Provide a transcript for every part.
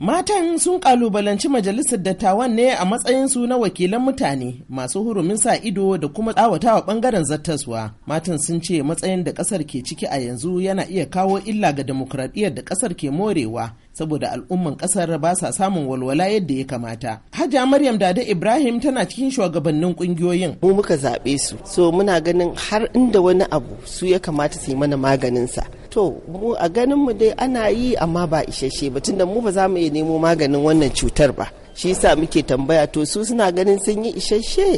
Matan sun kalubalanci majalisar dattawan ne a matsayinsu na wakilan mutane masu hurumin sa ido da kuma tsawatawa bangaren zattaswa. Matan sun ce matsayin da kasar ke ciki a yanzu yana iya kawo illa ga demokradiyyar da kasar ke morewa saboda al'umman kasar ba sa samun walwala yadda ya kamata. Hajiya Maryam Dada Ibrahim tana cikin shugabannin kungiyoyin. Mu muka zaɓe su, so muna ganin har inda wani abu su ya kamata su yi mana maganinsa. To, mu a ganin mu dai ana yi amma ba isasshe ba tunda mu ba za mu iya nemo maganin wannan cutar ba. Shi yasa muke tambaya to su suna ganin sun yi isasshe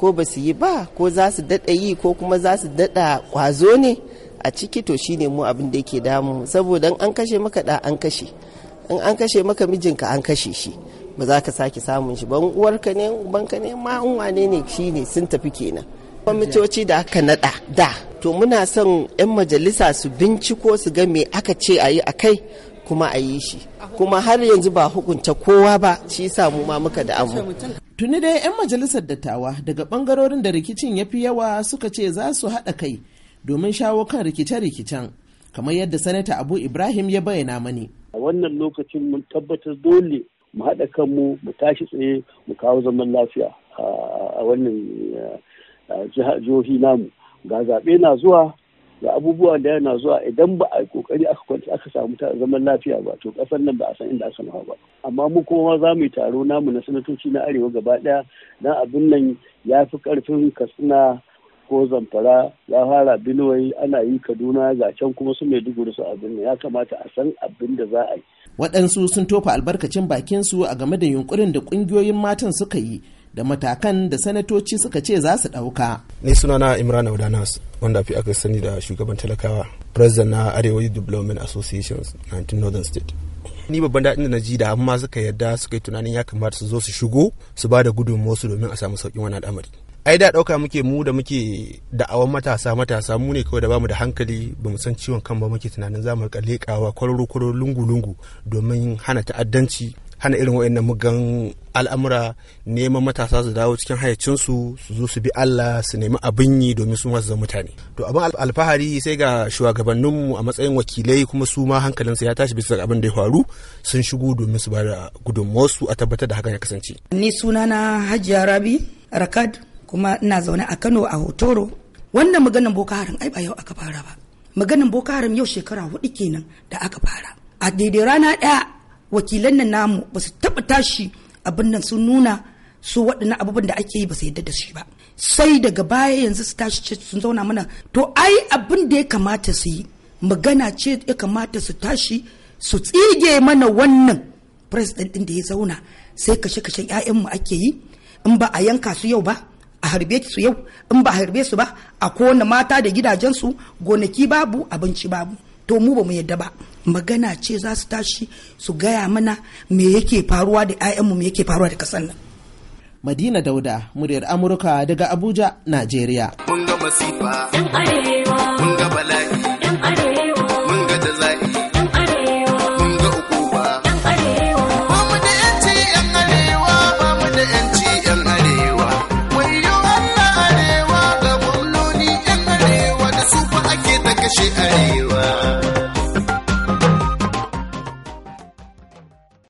ko ba su yi ba ko za su daɗa yi ko kuma za su daɗa ƙwazo ne a ciki to shine mu abin da yake damu saboda an kashe maka da an kashe in an kashe maka mijinka an kashe shi ba za ka sake samun shi ban uwarka ne banka ne ma in wane ne shine sun tafi kenan kwamitoci da aka nada da to muna son 'yan majalisa su binciko su ga me aka ce a yi a kai kuma a yi shi kuma har yanzu ba hukunta kowa ba shi sa mu ma muka da amu tuni dai 'yan majalisar dattawa daga bangarorin da rikicin ya fi yawa suka ce za su haɗa kai domin shawo kan rikice-rikicen kamar yadda sanata abu ibrahim ya bayyana mani a wannan lokacin mun tabbatar dole mu haɗa kanmu mu tashi tsaye mu kawo zaman lafiya a wannan jihohi namu ga zaɓe na zuwa ga abubuwa da yana zuwa idan ba a kokari aka kwanci aka samu ta zaman lafiya ba to kasar nan ba a san inda aka nufa ba amma mu kuma za mu yi taro namu na sanatoci na arewa gaba ɗaya dan abin nan ya fi karfin katsina ko zamfara ya fara binuwai ana yi kaduna ga can kuma su mai maiduguri su abin ya kamata a san abin da za a yi waɗansu sun tofa albarkacin bakinsu a game da yunkurin da ƙungiyoyin matan suka yi da matakan da sanatoci suka ce za su ɗauka. Ni sunana Imran Audanas wanda fi aka sani da shugaban talakawa, president na Arewa Development Association 19 Northern State. Ni babban daɗin da na ji da amma suka yarda suka yi tunanin ya kamata su zo su shigo su ba da su domin a samu sauƙin wani al'amari. ai da ɗauka muke mu da muke da da'awan matasa matasa mu ne kawai da bamu da hankali ba mu san ciwon kan ba muke tunanin za mu rika leƙawa kwararo kwararo lungu lungu domin hana ta'addanci hana irin wa'annan mugan al'amura neman matasa su dawo cikin hayacinsu su zo su bi Allah su nemi abin yi domin su masu mutane to abin alfahari sai ga shugabanninmu a matsayin wakilai kuma su ma hankalinsu ya tashi bisa abin da ya faru sun shigo domin su ba da gudunmuwarsu a tabbatar da hakan ya kasance ni sunana hajiya rabi rakad kuma ina zaune a Kano a Hotoro wannan maganan Boko Haram ai ba yau aka fara ba maganan Boko Haram yau shekara hudu kenan da aka fara a daidai rana ɗaya wakilan nan namu ba su taɓa tashi abin nan sun nuna su waɗannan abubuwan da ake yi ba su yadda da shi ba sai daga baya yanzu su tashi sun zauna mana to ai abin da ya kamata su yi magana ce ya kamata su tashi su tsige mana wannan president din da ya zauna sai kashe-kashen 'ya'yanmu ake yi in ba a yanka su yau ba a harbe su yau in ba a harbe su ba a kowane mata da gidajensu gonaki babu abinci babu to mu ba mu yadda ba magana ce za su tashi su gaya mana me yake faruwa da 'ya'yanmu me yake faruwa da kasan nan madina dauda muryar amurka daga abuja najeriya kun